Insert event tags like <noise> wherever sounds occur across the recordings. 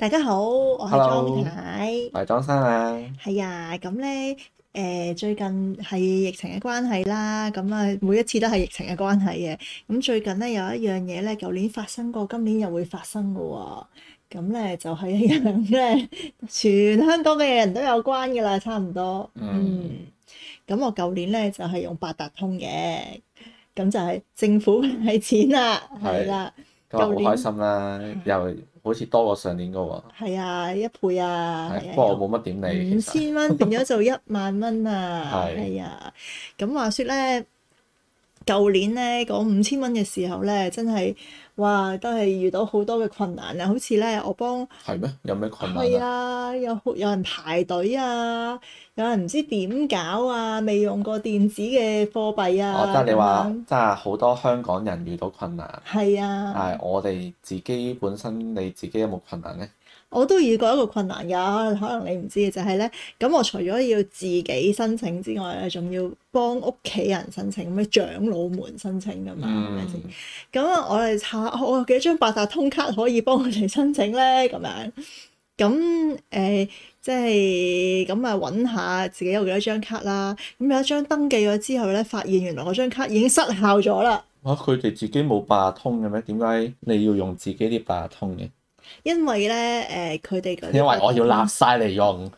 大家好，我係莊太，Hello，我係莊生啊，係啊，咁咧，誒、呃，最近係疫情嘅關係啦，咁啊，每一次都係疫情嘅關係嘅，咁最近咧有一樣嘢咧，舊年發生過，今年又會發生噶喎、哦，咁咧就係一樣咧，全香港嘅人都有關噶啦，差唔多，嗯，咁、嗯、我舊年咧就係、是、用八達通嘅，咁就係政府畀錢啦、啊，係啦、嗯，咁我好開心啦、啊， <laughs> 又。好似多過上年嘅喎，係啊，一倍啊。不過、啊啊、我冇乜點理，五千蚊變咗就一萬蚊啊，係 <laughs> 啊，咁、啊、話說咧，舊年咧講五千蚊嘅時候咧，真係～哇！都係遇到好多嘅困難啊，好似咧我幫係咩？有咩困難啊？係啊、哎，有有人排隊啊，有人唔知點搞啊，未用過電子嘅貨幣啊。我覺得、哦、你話，真係好多香港人遇到困難。係啊、嗯。但誒，我哋自己本身你自己有冇困難咧？我都遇過一個困難㗎，可能你唔知嘅就係、是、咧。咁我除咗要自己申請之外咧，仲要幫屋企人申請，咩長老們申請㗎嘛？係咪先？咁我哋我、哦、幾張八達通卡可以幫佢哋申請咧？咁樣咁誒、呃，即係咁啊，揾下自己有幾多張卡啦。咁有一張登記咗之後咧，發現原來嗰張卡已經失效咗啦。嚇！佢哋自己冇八達通嘅咩？點解你要用自己啲八達通嘅？因為咧誒，佢、呃、哋因為我要立晒嚟用。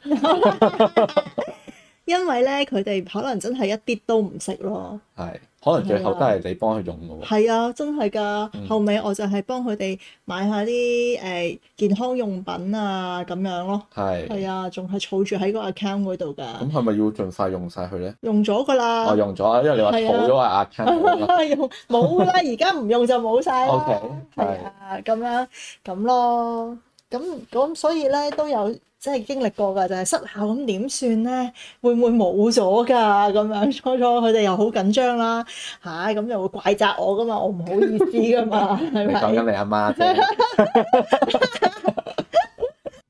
<laughs> 因為咧，佢哋可能真係一啲都唔識咯。係，可能最後都係你幫佢用噶喎。係啊，啊，真係㗎。嗯、後尾我就係幫佢哋買下啲誒、欸、健康用品啊，咁樣咯。係是。係啊，仲係儲住喺個 account 嗰度㗎。咁係咪要盡快用晒佢咧？用咗㗎啦。哦，用咗，因為你話儲咗喺 account 用冇㗎啦，而家唔用就冇晒啦。O Okay , K 是。係啊，咁樣咁咯。咁咁所以咧都有即係經歷過㗎，就係、是、失效咁點算咧？會唔會冇咗㗎？咁樣初初佢哋又好緊張啦吓，咁、啊、又會怪責我噶嘛？我唔好意思噶嘛，係咪？ <laughs> 你講緊你阿媽啫。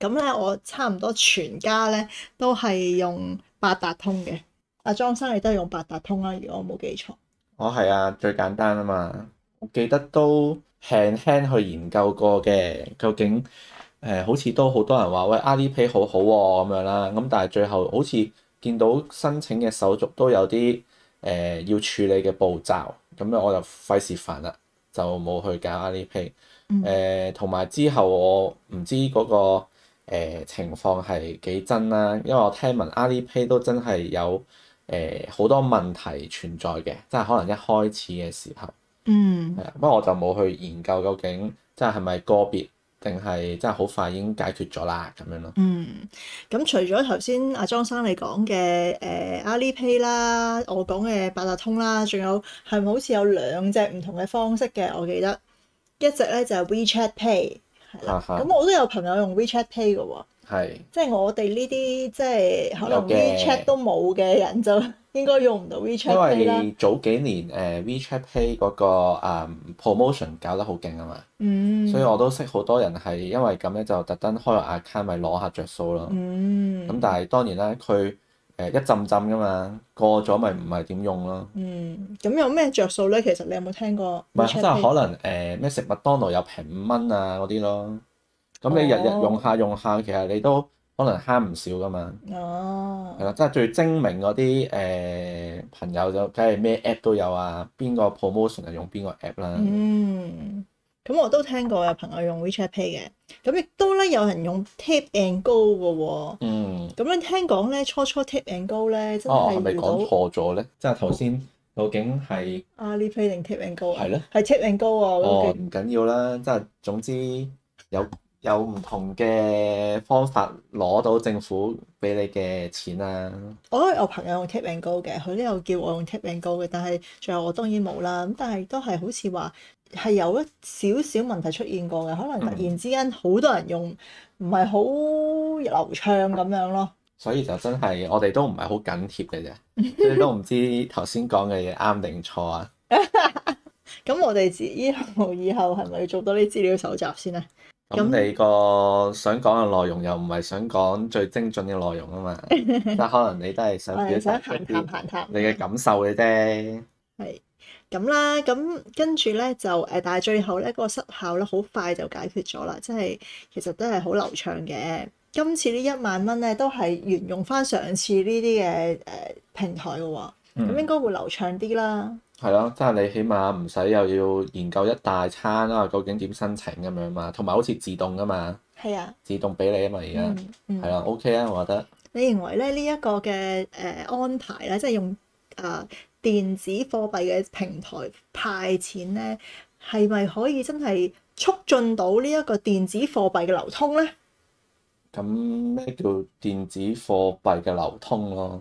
咁咧，我差唔多全家咧都係用八達通嘅。阿莊生亦都用八達通啦，如果我冇記錯。我係、哦、啊，最簡單啊嘛。記得都輕輕，輕，輕去研究過嘅，究竟。誒、呃、好似都好多人話喂，AliPay 好好喎咁樣啦，咁但係最後好似見到申請嘅手續都有啲誒、呃、要處理嘅步驟，咁樣我就費事煩啦，就冇去搞 AliPay。同埋、呃、之後我唔知嗰、那個、呃、情況係幾真啦，因為我聽聞 AliPay 都真係有誒好、呃、多問題存在嘅，即係可能一開始嘅時候，嗯，不過我就冇去研究究竟即係係咪個別。定係真係好快已經解決咗啦，咁樣咯。嗯，咁除咗頭先阿張生你講嘅誒、呃、Alipay 啦，我講嘅八達通啦，仲有係咪好似有兩隻唔同嘅方式嘅？我記得一隻咧就係、是、WeChat Pay，係啦。咁、啊、哈我都有朋友用 WeChat Pay 嘅喎、哦。係是。即係我哋呢啲即係可能 WeChat 都冇嘅人就。Okay. <laughs> 應該用唔到 WeChat，因為早幾年誒 WeChat、呃、Pay 嗰、那個、um, promotion 搞得好勁啊嘛，嗯、所以我都識好多人係因為咁咧就特登開個 account 咪攞下着數咯。咁、嗯、但係當然啦，佢誒、呃、一浸浸噶嘛，過咗咪唔係點用咯？嗯，咁有咩着數咧？其實你有冇聽過？唔係，即係可能誒咩、呃、食麥當勞又平五蚊啊嗰啲咯。咁、嗯、你日日用下用下，其實你都～可能慳唔少噶嘛，哦，係啦，即係最精明嗰啲誒朋友就，梗係咩 app 都有啊，邊個 promotion 就用邊個 app 啦。嗯，咁我都聽過有朋友用 WeChat Pay 嘅，咁亦都咧有人用 Tap and Go 嘅喎。嗯，咁樣聽講咧，初初 Tap and Go 咧真係哦，係咪講錯咗咧？即係頭先，究竟係 Alipay 定 Tap and Go？係咧，係 Tap and Go 啊。哦，唔緊要啦，即係總之有。有唔同嘅方法攞到政府俾你嘅錢啦，啊。我覺得我朋友用 Tap & Go 嘅，佢都有叫我用 Tap & Go 嘅，但係最後我當然冇啦。咁但係都係好似話係有一少少問題出現過嘅，可能突然之間好多人用唔係好流暢咁樣咯。所以就真係我哋都唔係好緊貼嘅啫，所以都唔知頭先講嘅嘢啱定錯啊。咁 <laughs> <laughs> 我哋自以後係咪要做多啲資料搜集先咧？咁你個想講嘅內容又唔係想講最精準嘅內容啊嘛，即 <laughs> 可能你都係想閒談閒談， <laughs> 你嘅感受嘅啫。係咁啦，咁跟住咧就誒，但係最後咧嗰、那個失效咧，好快就解決咗啦，即係其實都係好流暢嘅。今次呢一萬蚊咧都係沿用返上次呢啲嘅誒平台嘅喎，咁應該會流暢啲啦。嗯。係咯，即係你起碼唔使又要研究一大餐啊，究竟點申請咁樣嘛？同埋好似自動噶嘛，係啊，自動俾你啊嘛，而家係啊，OK 啊，我覺得。你認為咧呢一個嘅誒安排咧，即係用誒電子貨幣嘅平台派錢咧，係咪可以真係促進到呢一個電子貨幣嘅流通咧？咁咩叫電子貨幣嘅流通咯。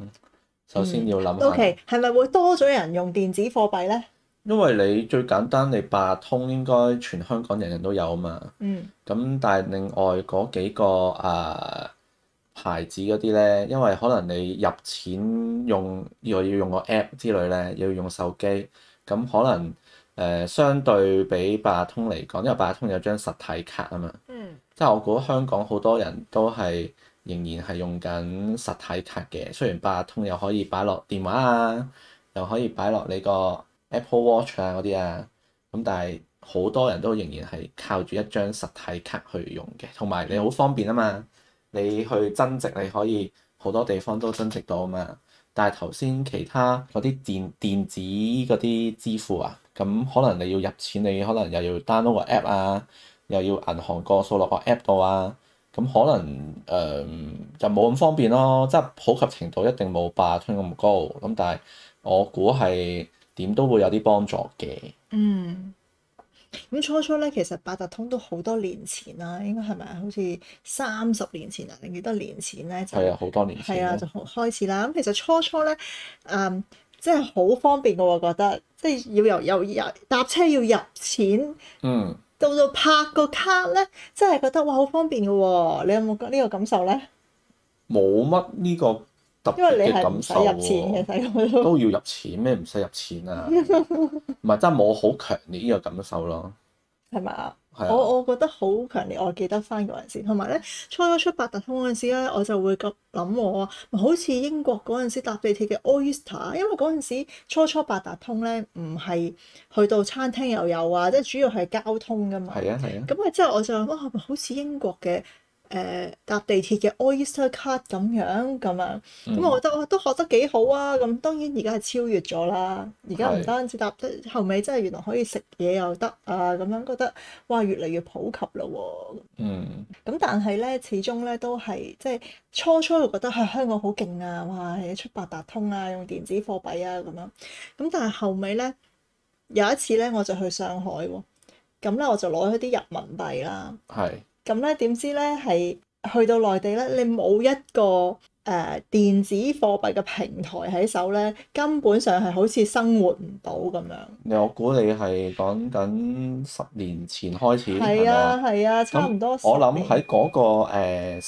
首先要諗下，O K，係咪會多咗人用電子貨幣呢？因為你最簡單，你八達通應該全香港人人都有啊嘛。嗯。咁但係另外嗰幾個、呃、牌子嗰啲呢，因為可能你入錢用又要用個 App 之類呢，又要用手機，咁可能誒、呃、相對比八達通嚟講，因為八達通有張實體卡啊嘛。嗯。即係我覺得香港好多人都係。仍然係用緊實體卡嘅，雖然八達通又可以擺落電話啊，又可以擺落你個 Apple Watch 啊嗰啲啊，咁但係好多人都仍然係靠住一張實體卡去用嘅，同埋你好方便啊嘛，你去增值你可以好多地方都增值到啊嘛，但係頭先其他嗰啲電電子嗰啲支付啊，咁可能你要入錢你可能又要 download 個 app 啊，又要銀行個數落個 app 度啊。咁可能誒、呃、就冇咁方便咯，即係普及程度一定冇八達通咁高。咁但係我估係點都會有啲幫助嘅。嗯，咁初初咧其實八達通都好多年前啦，應該係咪？好似三十年前定幾多年前咧？係啊，好多年前。係啊，就開始啦。咁其實初初咧誒、嗯，即係好方便嘅喎，我覺得即係要由由入搭車要入錢。嗯。到到拍個卡咧，真係覺得哇好方便嘅喎、哦！你有冇覺呢個感受咧？冇乜呢個特別嘅感受喎、啊。因為你係咁入錢嘅細個都要入錢，咩唔使入錢啊？唔係 <laughs> 真係冇好強烈呢個感受咯。係咪？我我覺得好強烈，我記得翻嗰陣時，同埋咧初初出八達通嗰陣時咧，我就會咁諗我啊，好似英國嗰陣時搭地鐵嘅 Oyster，因為嗰陣時初初八達通咧唔係去到餐廳又有啊，即係主要係交通㗎嘛。係啊係啊。咁啊之後我就話哇，好似英國嘅。誒、呃、搭地鐵嘅 Oyster card 咁樣咁樣，咁我覺得我、嗯、都學得幾好啊！咁當然而家係超越咗啦，而家唔單止搭得，是後尾真係原來可以食嘢又得啊！咁樣覺得哇，越嚟越普及啦喎、啊。嗯。咁但係咧，始終咧都係即係初初我覺得啊、哎，香港好勁啊！哇，出八達通啊，用電子貨幣啊咁樣。咁但係後尾咧，有一次咧，我就去上海喎、啊。咁咧，我就攞咗啲人民幣啦。係是。咁咧，點知咧係去到內地咧，你冇一個誒、呃、電子貨幣嘅平台喺手咧，根本上係好似生活唔到咁樣。我你我估你係講緊十年前開始係、嗯、吧啊係啊，差唔多我、那個。我諗喺嗰個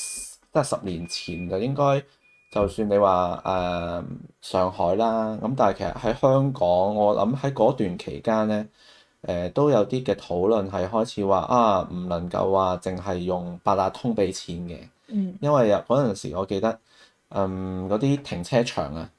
即係十年前就應該，就算你話誒、呃、上海啦，咁但係其實喺香港，我諗喺嗰段期間咧。誒都有啲嘅討論係開始話啊，唔能夠話淨係用八達通俾錢嘅，嗯、因為嗰陣時，我記得嗯嗰啲停車場啊，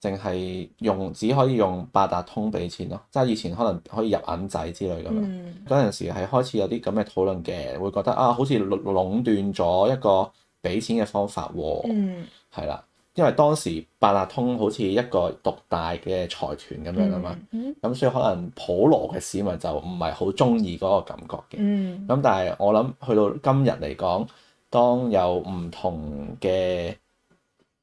淨係用只可以用八達通俾錢咯，即係以前可能可以入銀仔之類咁樣。嗰陣、嗯、時係開始有啲咁嘅討論嘅，會覺得啊，好似壟壟斷咗一個俾錢嘅方法喎、啊，係啦、嗯。因為當時八達通好似一個獨大嘅財團咁樣啊嘛，咁、mm hmm. 嗯、所以可能普羅嘅市民就唔係好中意嗰個感覺嘅。咁、mm hmm. 但係我諗去到今日嚟講，當有唔同嘅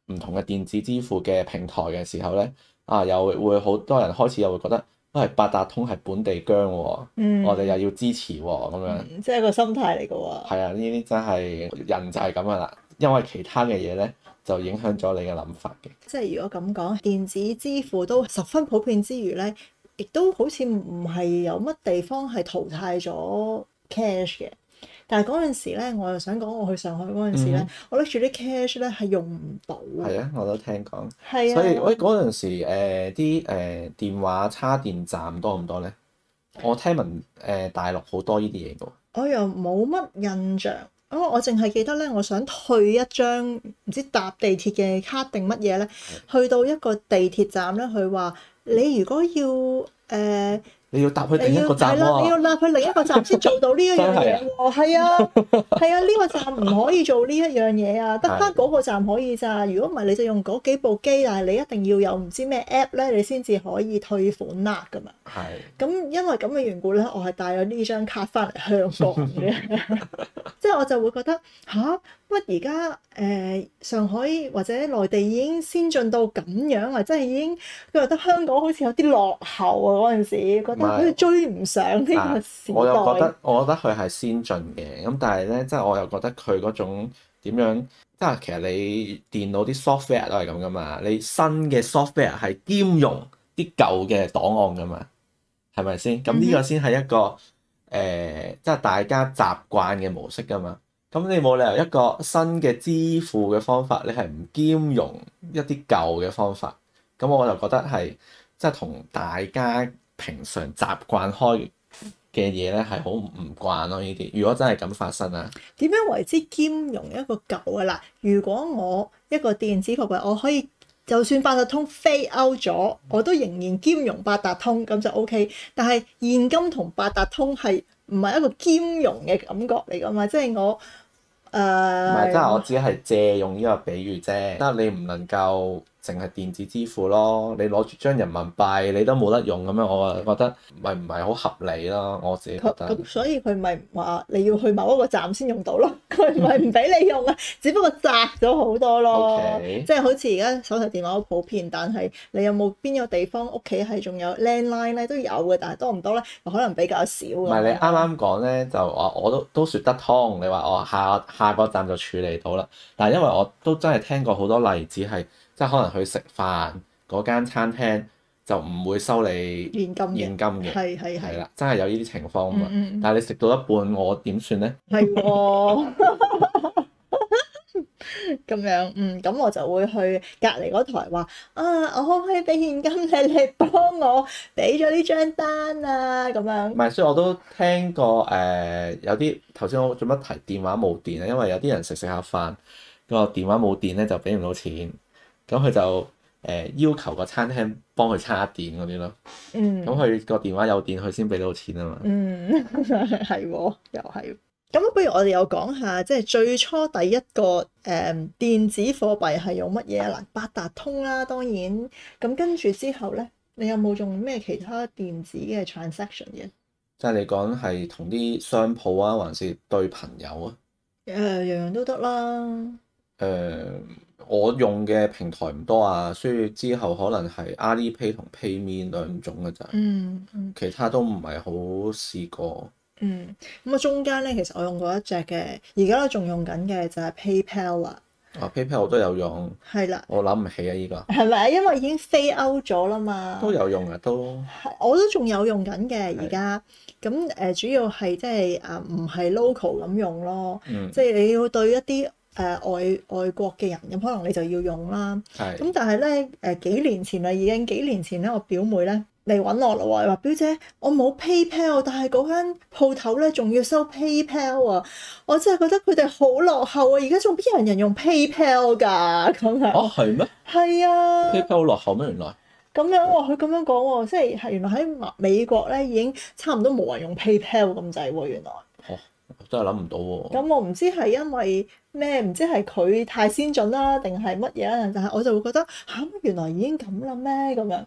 唔同嘅電子支付嘅平台嘅時候咧，啊又會好多人開始又會覺得喂，八、哎、達通係本地薑喎、哦，mm hmm. 我哋又要支持喎、哦、咁樣，mm hmm. 即係一個心態嚟嘅喎。係啊，呢啲真係人就係咁噶啦，因為其他嘅嘢咧。就影響咗你嘅諗法嘅。即係如果咁講，電子支付都十分普遍之餘咧，亦都好似唔係有乜地方係淘汰咗 cash 嘅。但係嗰陣時咧，我又想講，我去上海嗰陣時咧，嗯、我拎住啲 cash 咧係用唔到。係啊，我都聽講。係啊。所以，喂、哎，嗰陣時啲誒、呃、電話叉電站多唔多咧？我聽聞誒大陸好多呢啲嘢㗎。我又冇乜印象。咁我淨係記得咧，我想退一張唔知搭地鐵嘅卡定乜嘢咧，去到一個地鐵站咧，佢話你如果要誒。呃你要搭去另一個站喎，係啦， <laughs> 你要搭去另一個站先做到呢一樣嘢喎，係啊，係啊，呢 <laughs> 個站唔可以做呢一樣嘢啊，得翻嗰個站可以咋，如果唔係你就用嗰幾部機，但係你一定要有唔知咩 app 咧，你先至可以退款啦咁啊，係 <laughs> 是，咁因為咁嘅緣故咧，我係帶咗呢張卡翻嚟香港嘅， <laughs> <laughs> <laughs> 即係我就會覺得吓！啊」乜而家誒上海或者內地已經先進到咁樣啊！真係已經佢覺得香港好似有啲落後啊！嗰陣時覺得佢追唔上呢啲時代、啊，我又覺得我覺得佢係先進嘅，咁但係咧，即係我又覺得佢嗰種點樣，即係其實你電腦啲 software 都係咁噶嘛。你新嘅 software 係兼容啲舊嘅檔案噶嘛，係咪先？咁呢個先係一個誒，即係、mm hmm. 呃、大家習慣嘅模式噶嘛。咁你冇理由一個新嘅支付嘅方，方法，你係唔兼容一啲舊嘅方法。咁我就覺得係即係同大家平常習慣開嘅嘢咧，係好唔慣咯。呢啲如果真係咁發生啊，點樣為之兼容一個舊嘅啦？如果我一個電子貨幣我可以就算八達通 fail 咗，我都仍然兼容八達通咁就 OK。但係現金同八達通係唔係一個兼容嘅感覺嚟㗎嘛？即係我。唔係，即係、uh, 我只係借用呢個比喻啫，即係你唔能夠。淨係電子支付咯，你攞住張人民幣，你都冇得用咁樣，我啊覺得咪唔係好合理咯。我自己覺得咁，所以佢咪話你要去某一個站先用到咯，佢唔係唔俾你用啊，嗯、只不過窄咗好多咯。Okay. 即係好似而家手提電話好普遍，但係你有冇邊個地方屋企係仲有 landline 咧？都有嘅，但係多唔多咧？可能比較少。唔係你啱啱講咧，就話我都都説得通。你話我下下個站就處理到啦。但係因為我都真係聽過好多例子係。即係可能去食飯嗰間餐廳就唔會收你現金，現金嘅，係係係啦，真係有呢啲情況啊嘛！嗯嗯，但係你食到一半，我點算咧？係咁是的 <laughs> 樣嗯，咁我就會去隔離嗰台話啊，我可唔可以俾現金你，你幫我俾咗呢張單啊？咁樣唔係，所以我都聽過誒、呃、有啲頭先，我做乜提電話冇電啊？因為有啲人食食下飯個電話冇電咧，就俾唔到錢。咁佢就誒、呃、要求個餐廳幫佢叉電嗰啲咯。嗯，咁佢個電話有電，佢先俾到錢啊嘛。嗯，係 <laughs> 喎，又係。咁不如我哋又講下，即係最初第一個誒、嗯、電子貨幣係用乜嘢啊？八達通啦，當然。咁跟住之後咧，你有冇用咩其他電子嘅 transaction 嘅？即係你講係同啲商鋪啊，還是對朋友啊？誒、呃，樣樣都得啦。誒、嗯。我用嘅平台唔多啊，所以之後可能係 Alipay 同 PayMe 兩種嘅咋，嗯嗯、其他都唔係好試過。嗯，咁啊中間咧，其實我用過一隻嘅，而家咧仲用緊嘅就係、啊、PayPal 啦。啊，PayPal 我都有用，係啦，我諗唔起啊呢個。係咪啊？因為已經 fade out 咗啦嘛。都有用啊，都。我都仲有用緊嘅，而家咁誒，主要係即係啊，唔、呃、係 local 咁用咯，即係、嗯、你要對一啲。誒、呃、外外國嘅人咁可能你就要用啦。咁係，但係咧誒幾年前啦，已經幾年前咧，我表妹咧嚟揾我咯喎，話表姐我冇 PayPal，但係嗰間鋪頭咧仲要收 PayPal 啊！我真係覺得佢哋好落後啊！而家仲邊有人用 PayPal 㗎、啊、咁樣？哦、啊，係咩？係啊！PayPal 好落後咩？原來咁樣喎，佢咁樣講喎，即係係原來喺美美國咧已經差唔多冇人用 PayPal 咁滯喎，原來。真係諗唔到喎、啊！咁我唔知係因為咩，唔知係佢太先進啦，定係乜嘢啦？但係我就會覺得，吓、啊，原來已經咁啦咩？咁樣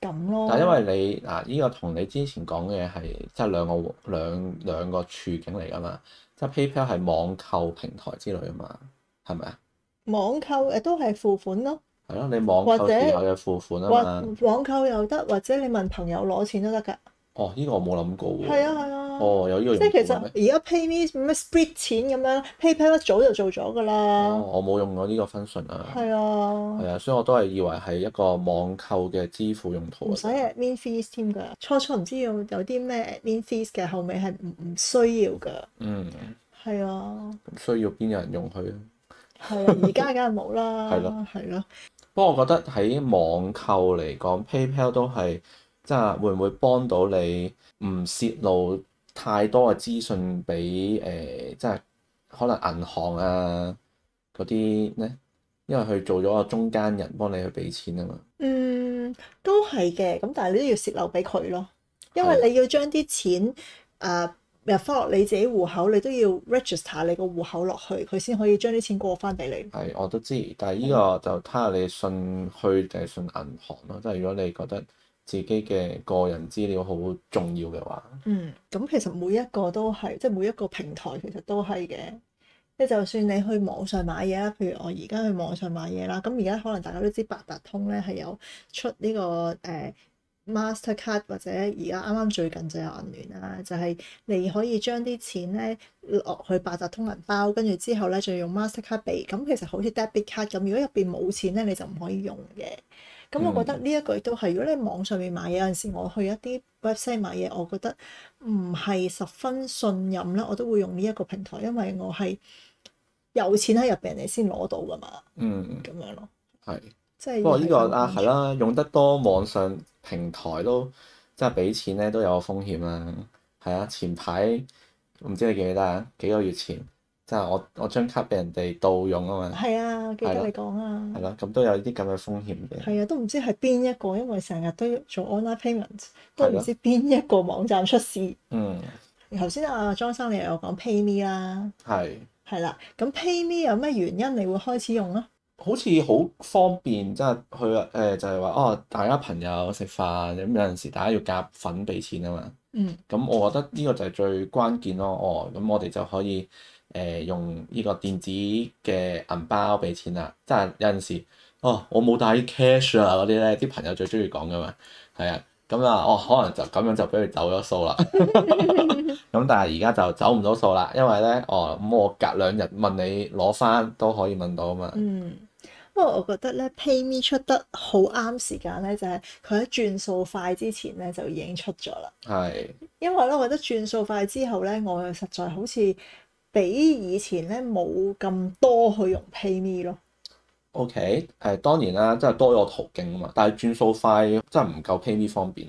咁咯。但係因為你嗱，呢、啊這個同你之前講嘅係即係兩個兩兩個，個處境嚟噶嘛？即係 PayPal 係網購平台之類啊嘛？係咪啊？網購誒，都係付款咯。係咯、啊，你網購時候嘅付款啊嘛。網購又得，或者你問朋友攞錢都得噶。哦，呢、這個我冇諗過喎。係啊，係啊。哦，有呢個即係其實而家 PayMe 咩 Split 錢咁樣 PayPal 一早就做咗噶啦。哦，我冇用過呢個 function 啊。係啊。係啊，所以我都係以為係一個網購嘅支付用途。唔使 admin fees 添㗎，初初唔知有有啲咩 admin fees 嘅，後尾係唔唔需要㗎。嗯。係啊。需要邊有人用佢啊？係 <laughs> 啊，而家梗係冇啦。係咯、啊，係咯。不過我覺得喺網購嚟講，PayPal 都係即係會唔會幫到你唔泄露？太多嘅資訊俾誒、呃，即係可能銀行啊嗰啲咧，因為佢做咗個中間人幫你去俾錢啊嘛。嗯，都係嘅，咁但係你都要泄露俾佢咯，因為你要將啲錢啊入翻落你自己戶口，你都要 register 你個戶口落去，佢先可以將啲錢過翻俾你。係，我都知，但係呢個就睇下你信佢定係信銀行咯。即係如果你覺得。自己嘅個人資料好重要嘅話，嗯，咁其實每一個都係，即係每一個平台其實都係嘅。即就算你去網上買嘢啦，譬如我而家去網上買嘢啦，咁而家可能大家都知八達通咧係有出呢、這個誒、呃、Mastercard 或者而家啱啱最近就有銀聯啦，就係、是、你可以將啲錢咧落去八達通銀包，跟住之後咧就用 Mastercard 畀，咁其實好似 debit card 咁，如果入邊冇錢咧，你就唔可以用嘅。咁、嗯、我覺得呢一個亦都係，如果你網上面買嘢，有陣時我去一啲 website 買嘢，我覺得唔係十分信任咧，我都會用呢一個平台，因為我係有錢喺入邊，你先攞到噶嘛。嗯，咁樣咯，係是即係是。不過呢、呢個啊係啦、啊，用得多網上平台都即係俾錢咧都有風險啦。係啊，前排唔知你記唔記得啊？幾個月前。即係我我張卡俾人哋盜用啊嘛，係啊，記得你講啊，係咯，咁都有啲咁嘅風險嘅，係啊，都唔知係邊一個，因為成日都要做 online payments，都唔知邊一個網站出事。嗯，頭先阿張生你又講 PayMe 啦，係，係啦，咁 PayMe 有咩原因你會開始用啊？好似好方便，即係佢誒就係話哦，大家朋友食飯咁，有陣時大家要夾份俾錢啊嘛。嗯，咁我覺得呢個就係最關鍵咯，哦，咁我哋就可以。誒、呃、用呢個電子嘅銀包俾錢啦，即係有陣時哦，我冇帶 cash 啊嗰啲咧，啲朋友最中意講噶嘛，係啊咁啊，哦，可能就咁樣就俾佢走咗數啦。咁 <laughs> 但係而家就走唔到數啦，因為咧，哦，咁我隔兩日問你攞翻都可以問到啊嘛。嗯，不過我覺得咧，PayMe 出得好啱時間咧，就係佢喺轉數快之前咧就已經出咗啦。係是因為咧，我覺得轉數快之後咧，我實在好似。比以前咧冇咁多去用 PayMe 咯。OK，誒當然啦，即係多咗個途徑啊嘛。但係轉數快真係唔夠 PayMe 方便，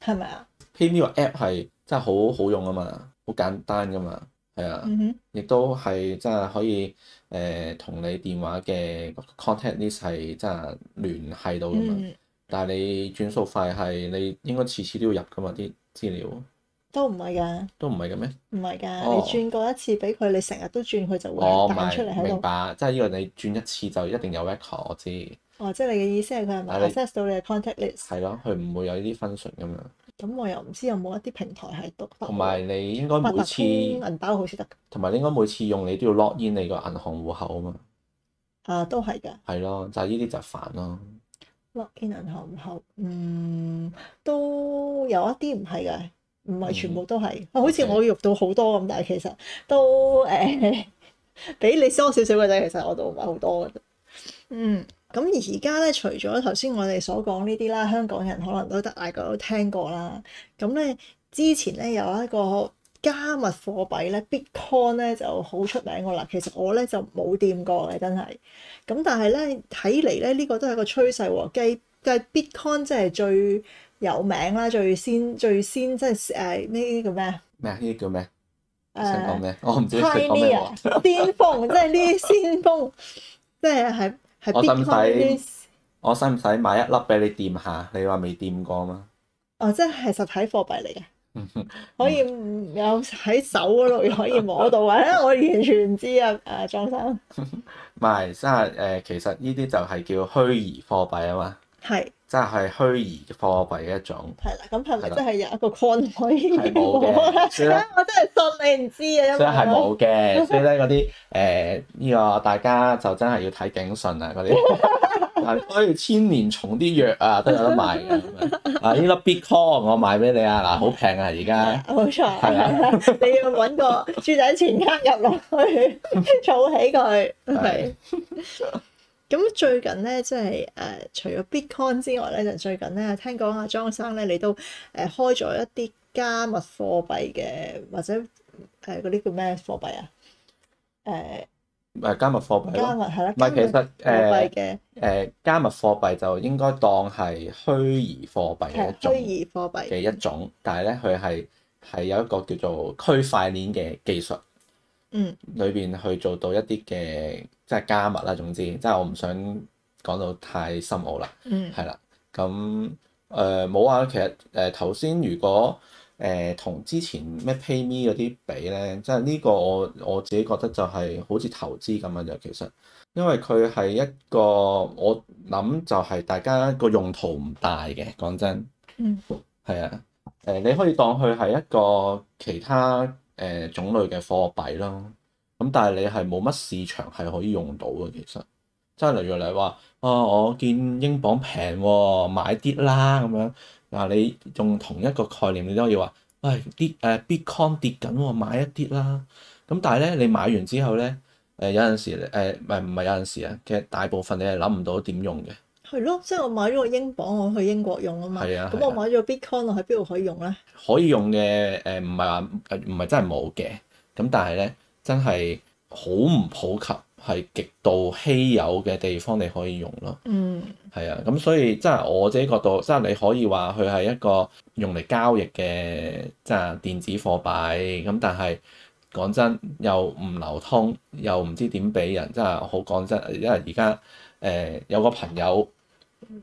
係咪啊吧？PayMe 個 App 係真係好好用啊嘛，好簡單噶嘛，係啊。Mm hmm. 亦都係真係可以誒同、呃、你電話嘅 contact list 係真係聯繫到噶嘛。Mm hmm. 但係你轉數快係你應該次次都要入噶嘛啲資料。都唔係㗎，都唔係嘅咩？唔係㗎，哦、你轉過一次俾佢，你成日都轉佢就會彈出嚟喺度。明白，即係呢個你轉一次就一定有 record，我知。哦，即係你嘅意思係佢係咪 access 到你 contact list？係咯，佢唔會有呢啲 function 咁樣。咁、嗯、我又唔知有冇一啲平台喺度。同埋你應該每次銀包好似得。同埋、啊、應該每次用你都要 lock in 你個銀行戶口啊嘛。啊，都係㗎。係咯，就係呢啲就煩咯。lock in 銀行戶口，嗯，都有一啲唔係㗎。唔係全部都係，好似我肉到好多咁，Okay. 但係其實都誒比、欸、你多少少嘅啫。其實我都唔係好多嘅。嗯，咁而家咧，除咗頭先我哋所講呢啲啦，香港人可能都得大家都聽過啦。咁咧之前咧有一個加密貨幣咧，Bitcoin 咧就好出名㗎啦。其實我咧就冇掂過嘅，真係。咁但係咧睇嚟咧呢，呢、呢個都係一個趨勢喎。計計 Bitcoin 真係最有名啦，最先最先即係誒呢啲叫咩啊？咩啊？呢啲叫咩？誒？講咩？我唔知佢講咩喎。巔峯些，即係呢啲巔峯，即係係係我使唔使買一粒俾你掂下？你話未掂過嘛？哦，即係係實體貨幣嚟嘅， <laughs> 可以有喺手嗰度，可以摸到嘅。我完全唔知啊！誒、啊，莊生唔係，即係誒，其實呢啲就係叫虛擬貨幣啊嘛。係。真係虛擬貨幣嘅一種。係啦，咁係咪真係有一個礦可以攞咧？所以 <laughs> 我真係信你唔知啊，因為係冇嘅。所以咧，嗰啲誒呢個大家就真係要睇警訊啊，嗰啲啊，需 <laughs> 要、哎、千年蟲啲藥啊都有得賣嘅。啊，呢粒 Bitcoin 我賣俾你啊，嗱， <laughs> 好平啊，而家嗎。冇錯。係啦，你要揾個豬仔錢罌入落去，儲起佢。係是的。 <laughs> 咁最近咧，即係誒，除咗 Bitcoin 之外咧，就最近咧，聽講阿張生咧，你都誒開咗一啲加密貨幣嘅，或者誒嗰啲叫咩貨幣啊？誒、呃、誒、啊，加密貨幣。加密係啦。唔係其實誒。幣嘅誒加密貨幣就應該當係虛擬貨幣嘅一,一種。係虛擬貨幣嘅一種，嗯、但係咧，佢係係有一個叫做區塊鏈嘅技術。嗯，裏邊去做到一啲嘅即係加密啦，總之即係我唔想講到太深奧啦、嗯。嗯，係、呃、啦，咁誒冇話，其實誒頭先如果誒同、呃、之前咩 PayMe 嗰啲比咧，即係呢個我我自己覺得就係好似投資咁樣嘅啫。其實因為佢係一個我諗就係大家個用途唔大嘅，講真。嗯，係、呃、啊，誒你可以當佢係一個其他。誒種類嘅貨幣咯，咁但係你係冇乜市場係可以用到嘅，其實，即係例如你話，啊、哦、我見英鎊平，買啲啦咁樣，嗱你用同一個概念，你都要話，喂啲誒 Bitcoin 跌緊，買一啲啦，咁但係咧你買完之後咧，誒有陣時誒唔係唔係有陣時啊，其實大部分你係諗唔到點用嘅。係咯，即係我買咗個英鎊，我去英國用啊嘛。係啊的。咁我買咗個 Bitcoin，我喺邊度可以用咧？可以用嘅，誒唔係話唔係真係冇嘅。咁但係咧，真係好唔普及，係極度稀有嘅地方你可以用咯。嗯。係啊，咁所以即係我自己角度，即係你可以話佢係一個用嚟交易嘅，即係電子貨幣。咁但係講真，又唔流通，又唔知點俾人。真係好講真，因為而家誒有個朋友。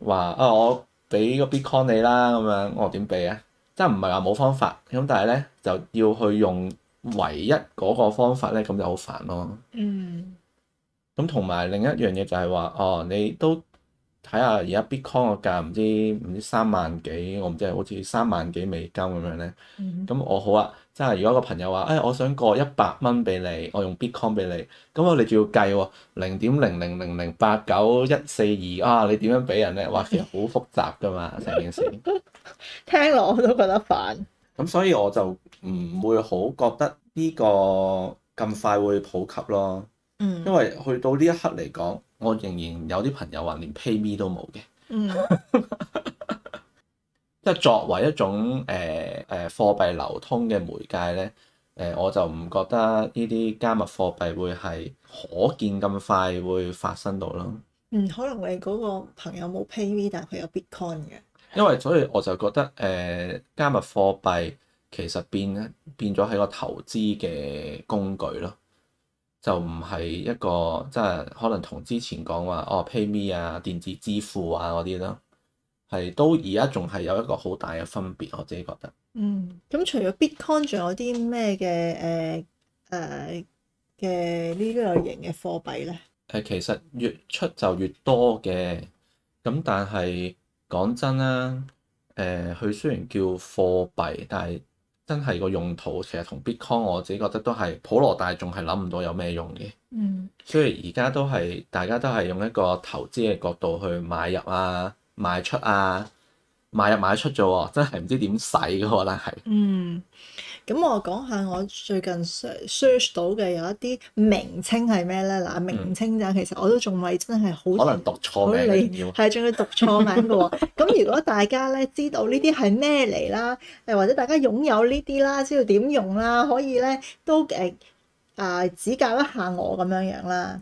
話啊，我俾個 bitcoin 你啦，咁樣我點俾啊？即係唔係話冇方法咁，但係咧就要去用唯一嗰個方法咧，咁就好煩咯。嗯、mm。咁同埋另一樣嘢就係話，哦，你都睇下而家 bitcoin 個價，唔知唔知三萬幾，我唔知係好似三萬幾美金咁樣咧。咁、mm hmm. 我好啊。真係，如果個朋友話，哎，我想過一百蚊俾你，我用 Bitcoin 俾你，咁我哋仲要計喎、哦，零點零零零零八九一四二啊，你點樣俾人呢？哇，其實好複雜㗎嘛，成件事。聽落我都覺得煩。咁所以我就唔會好覺得呢個咁快會普及咯。嗯。因為去到呢一刻嚟講，我仍然有啲朋友話連 PayMe 都冇嘅。嗯。 <laughs> 即係作為一種誒誒、呃呃、貨幣流通嘅媒介咧，誒、呃、我就唔覺得呢啲加密貨幣會係可見咁快會發生到咯。嗯，可能你嗰個朋友冇 PayMe，但係佢有 Bitcoin 嘅。因為所以我就覺得誒、呃、加密貨幣其實變變咗係個投資嘅工具咯，就唔係一個即係可能同之前講話哦 PayMe 啊電子支付啊嗰啲咯。係都而家仲係有一個好大嘅分別，我自己覺得。嗯，咁除咗 Bitcoin 仲有啲咩嘅誒誒嘅呢類型嘅貨幣咧？誒，其實越出就越多嘅。咁但係講真啦，誒、呃，佢雖然叫貨幣，但係真係個用途其實同 Bitcoin 我自己覺得都係普羅大眾係諗唔到有咩用嘅。嗯。所以而家都係大家都係用一個投資嘅角度去買入啊。賣出啊，買入賣出咗、啊，真係唔知點使嘅喎，但係。嗯，咁我講下我最近 search 到嘅有一啲名稱係咩咧？嗱，名稱咋、就係，嗯、其實我都仲係真係好可能讀錯名，係仲理 <laughs> 要讀錯名嘅喎、啊。咁 <laughs> 如果大家咧知道呢啲係咩嚟啦，誒或者大家擁有呢啲啦，知道點用啦，可以咧都誒啊、呃、指教一下我咁樣樣啦。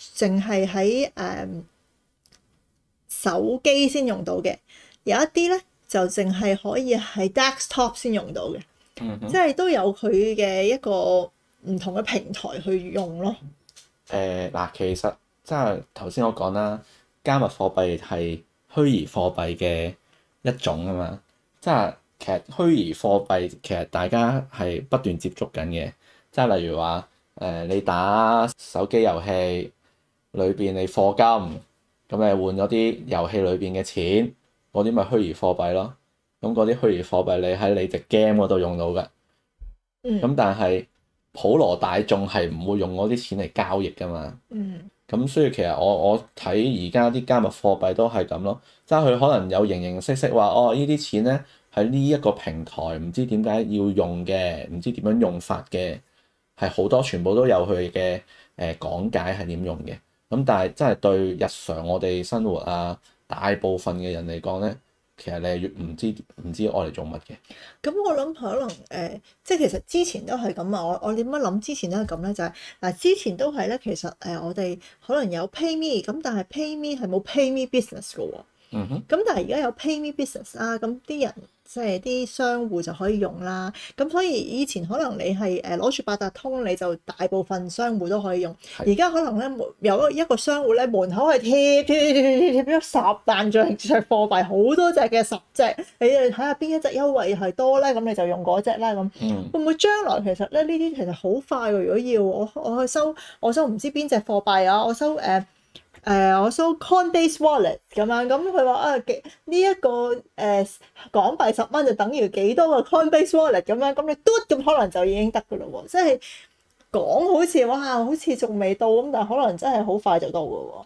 淨係喺誒手機先用到嘅，有一啲咧就淨係可以喺 desktop 先用到嘅，嗯、哼即係都有佢嘅一個唔同嘅平台去用咯。誒嗱、呃，其實即係頭先我講啦，加密貨幣係虛擬貨幣嘅一種啊嘛，即係其實虛擬貨幣其實大家係不斷接觸緊嘅，即係例如話誒、呃、你打手機遊戲。裏邊你課金咁，你換咗啲遊戲裏邊嘅錢，嗰啲咪虛擬貨幣咯。咁嗰啲虛擬貨幣你喺你隻 game 嗰度用到嘅，咁、嗯、但係普羅大眾係唔會用嗰啲錢嚟交易噶嘛。咁、嗯、所以其實我我睇而家啲加密貨幣都係咁咯，即係佢可能有形形色色話哦，呢啲錢咧喺呢一個平台，唔知點解要用嘅，唔知點樣用法嘅，係好多全部都有佢嘅誒講解係點用嘅。咁但係真係對日常我哋生活啊，大部分嘅人嚟講咧，其實你係越唔知唔知我嚟做乜嘅。咁我諗可能誒、呃，即係其實之前都係咁啊。我我點樣諗、就係呃，之前都係咁咧，就係嗱，之前都係咧，其實誒、呃，我哋可能有 pay me，咁但係 pay me 係冇 pay me business 嘅喎。嗯哼。咁但係而家有 pay me business 啊，咁啲人。即係啲商戶就可以用啦，咁所以以前可能你係誒攞住八達通你就大部分商戶，都可以用，而家是的 可能咧門有一一個商戶咧門口係貼貼貼貼貼咗十萬張張貨幣，好多隻嘅十隻，你睇下邊一隻優惠係多咧，咁你就用嗰隻啦咁。會唔會將來其實咧呢啲其實好快喎？如果要我我去收，我收唔知邊隻貨幣啊？我收誒。Uh, 誒我搜、uh, Coinbase Wallet 咁、um, 樣、uh, e e um, um，咁佢話啊幾呢一個誒港幣十蚊就等於幾多個 Coinbase Wallet 咁樣，咁你嘟咁可能就已經得㗎咯喎，即係講好似哇，好似仲未到咁，但係可能真係好快就到㗎喎。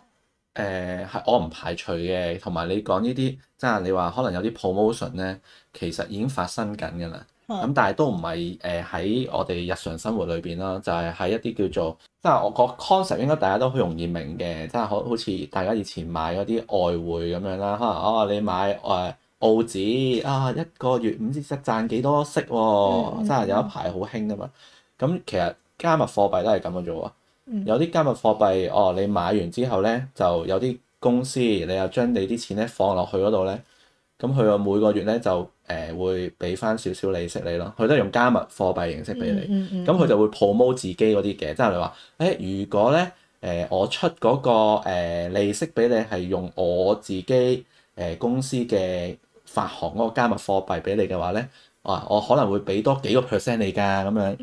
誒係我唔排除嘅，同埋你講呢啲，即係你話可能有啲 promotion 咧，其實已經發生緊㗎啦。咁、嗯、但係都唔係誒喺我哋日常生活裏邊啦，就係、是、喺一啲叫做即係我個 concept 應該大家都好容易明嘅，即係好好似大家以前買嗰啲外匯咁樣啦，可能哦你買誒、呃、澳紙啊一個月唔知賺幾多息喎、啊，真係、嗯、有一排好興噶嘛。咁、嗯、其實加密貨幣都係咁嘅啫喎，有啲加密貨幣哦你買完之後咧就有啲公司你又將你啲錢咧放落去嗰度咧，咁佢個每個月咧就，誒會俾翻少少利息你咯，佢都係用加密貨幣形式俾你，咁佢、嗯嗯嗯、就會 promote 自己嗰啲嘅，即係你話，誒、哎、如果咧，誒、呃、我出嗰、嗰個、呃、利息俾你係用我自己誒、呃、公司嘅發行嗰、嗰個加密貨幣俾你嘅話咧。啊！我可能會俾多幾個 percent 你㗎咁樣，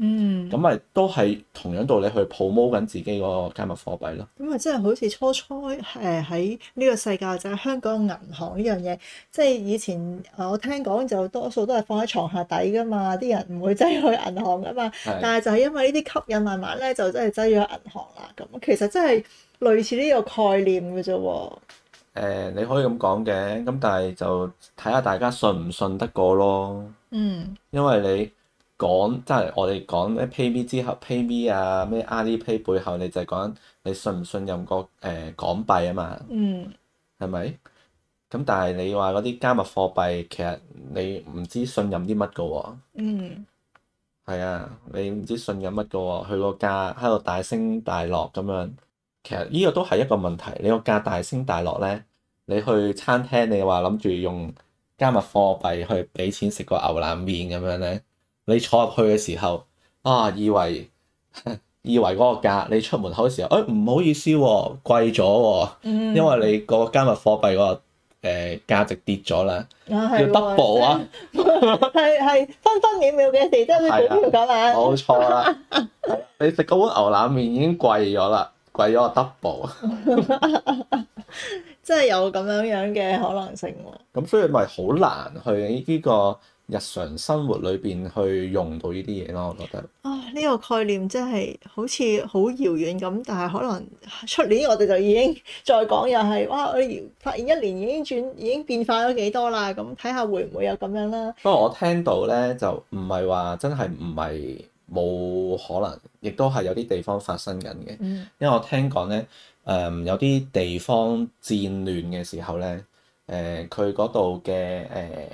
咁咪、嗯、都係同樣道理去 promote 緊自己嗰個加密貨幣咯。咁咪、嗯、真係好似初初誒喺呢個世界就係香港銀行呢樣嘢，即係以前我聽講就多數都係放喺床下底㗎嘛，啲人唔會擠去銀行㗎嘛。的但係就係因為呢啲吸引，慢慢咧就真係擠咗銀行啦。咁其實真係類似呢個概念㗎啫喎。誒、呃、你可以咁講嘅，咁但係就睇下大家信唔信得過咯。嗯，因為你講即係我哋講咩 PayB 之後 PayB 啊咩阿里 Pay 背後，你就係講你信唔信任個誒、呃、港幣啊嘛。嗯，係咪？咁但係你話嗰啲加密貨幣，其實你唔知信任啲乜嘅喎。嗯。係啊，你唔知信任乜嘅喎，佢個價喺度大升大落咁樣。其實呢個都係一個問題，你個價大升大落咧，你去餐廳你話諗住用加密貨幣去俾錢食個牛腩麵咁樣咧，你坐入去嘅時候啊，以為以為嗰個價，你出門口嘅時候，誒、哎、唔好意思、啊，貴咗、啊，嗯、因為你個加密貨幣個誒價值跌咗啦，要 double 啊，係係、嗯、雷分分秒秒嘅事都唔敢買，冇錯、啊、啦，你食個碗牛腩麵已經貴咗啦。嗯嗯嗯嗯嗯貴咗啊，double，即 <laughs> 係 <laughs> 有咁樣樣嘅可能性喎、啊。咁所以咪好難去呢啲個日常生活裏邊去用到呢啲嘢咯，我覺得。啊，呢、呢個概念真係好似好遙遠咁，但係可能出年我哋就已經再講又係哇，我發現一年已經轉已經變化咗幾多啦。咁睇下會唔會有咁樣啦、啊。不過我聽到咧就唔係話真係唔係。冇可能，亦都係有啲地方發生緊嘅。因為我聽講咧，誒有啲地方戰亂嘅時候咧，誒佢嗰度嘅誒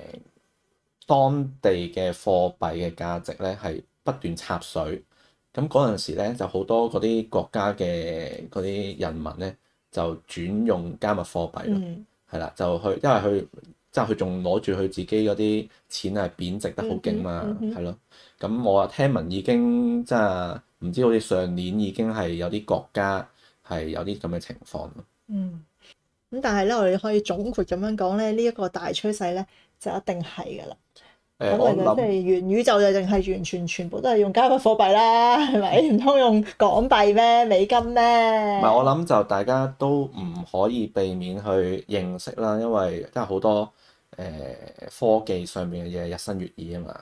當地嘅貨幣嘅價值咧係不斷插水，咁嗰陣時咧就好多嗰啲國家嘅嗰啲人民咧就轉用加密貨幣咯，係啦、嗯，就去因為佢。但係佢仲攞住佢自己嗰啲錢啊，貶值得好勁嘛，係咯、嗯。咁、嗯嗯、我啊聽聞已經即係唔知好似上年已經係有啲國家係有啲咁嘅情況咯。嗯，咁但係咧，我哋可以總括咁樣講咧，呢、呢、一個大趨勢咧就一定係㗎啦。誒、嗯，我諗即係元宇宙就淨係完全全部都係用加密貨幣啦，係咪唔通用港幣咩、美金咩？唔係，我諗就大家都唔可以避免去認識啦，因為即係好多。誒科技上面嘅嘢日新月異啊嘛，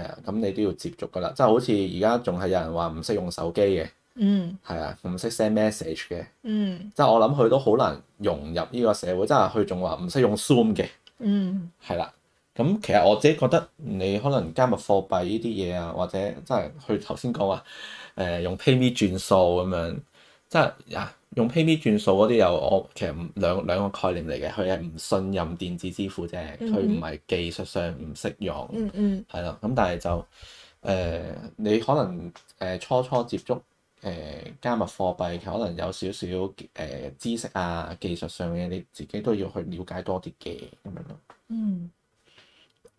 係啊，咁你都要接觸噶啦，即係好似而家仲係有人話唔識用手機嘅，嗯、mm.，係啊，唔識 send message 嘅，嗯，即係我諗佢都好難融入呢個社會，即係佢仲話唔識用 Zoom 嘅，嗯、mm.，係啦，咁其實我自己覺得你可能加密貨幣呢啲嘢啊，或者即係佢頭先講話誒用 PayMe 轉數咁樣，即係呀。用 PayMe 轉數嗰啲又，我其實兩兩個概念嚟嘅，佢係唔信任電子支付啫，佢唔係技術上唔識用，係啦、mm，咁、hmm. 但係就誒、呃，你可能誒、呃、初初接觸誒、呃、加密貨幣，可能有少少誒、呃、知識啊，技術上嘅嘢，你自己都要去了解多啲嘅咁樣咯。嗯。Mm hmm.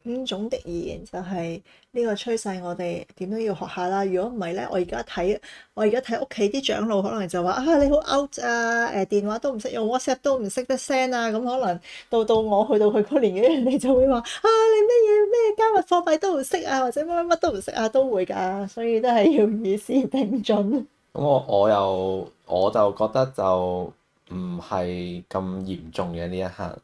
咁總的而言就係呢個趨勢，我哋點都要學下啦。如果唔係咧，我而家睇，我而家睇屋企啲長老，可能就話啊，你好 out 啊，誒，電話都唔識用，WhatsApp 都唔識得 send 啊。咁可能到到我去到佢嗰年紀，人哋就會話啊，你咩嘢咩加密貨幣都唔識啊，或者乜乜乜都唔識啊，都會㗎。所以都係要與時並進。咁我我又我就覺得就唔係咁嚴重嘅呢一刻。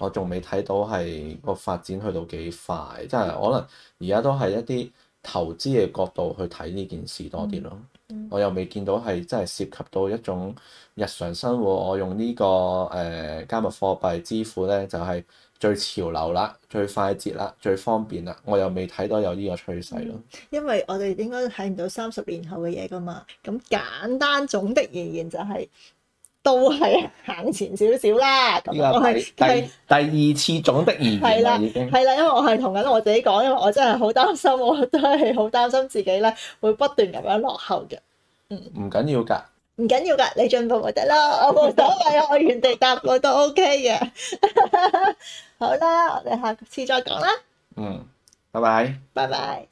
我仲未睇到係個發展去到幾快，即係可能而家都係一啲投資嘅角度去睇呢件事多啲咯。我又未見到係真係涉及到一種日常生活，我用呢個、這個誒、呃、加密貨幣支付咧，就係、是、最潮流啦、最快捷啦、最方便啦。我又未睇到有呢個趨勢咯、嗯。因為我哋應該睇唔到三十年後嘅嘢噶嘛。咁簡單總的而言，言就係、是。都係行前少少啦，我係第第二次總的而言，係啦已經係啦，因為我係同緊我自己講，因為我真係好擔心，我都係好擔心自己咧會不斷咁樣落後嘅。嗯，唔緊要噶，唔緊要噶，你進步咪得咯，我無所謂，我原地踏步都 OK 嘅。好啦，我哋下次再講啦。嗯，拜拜，拜拜。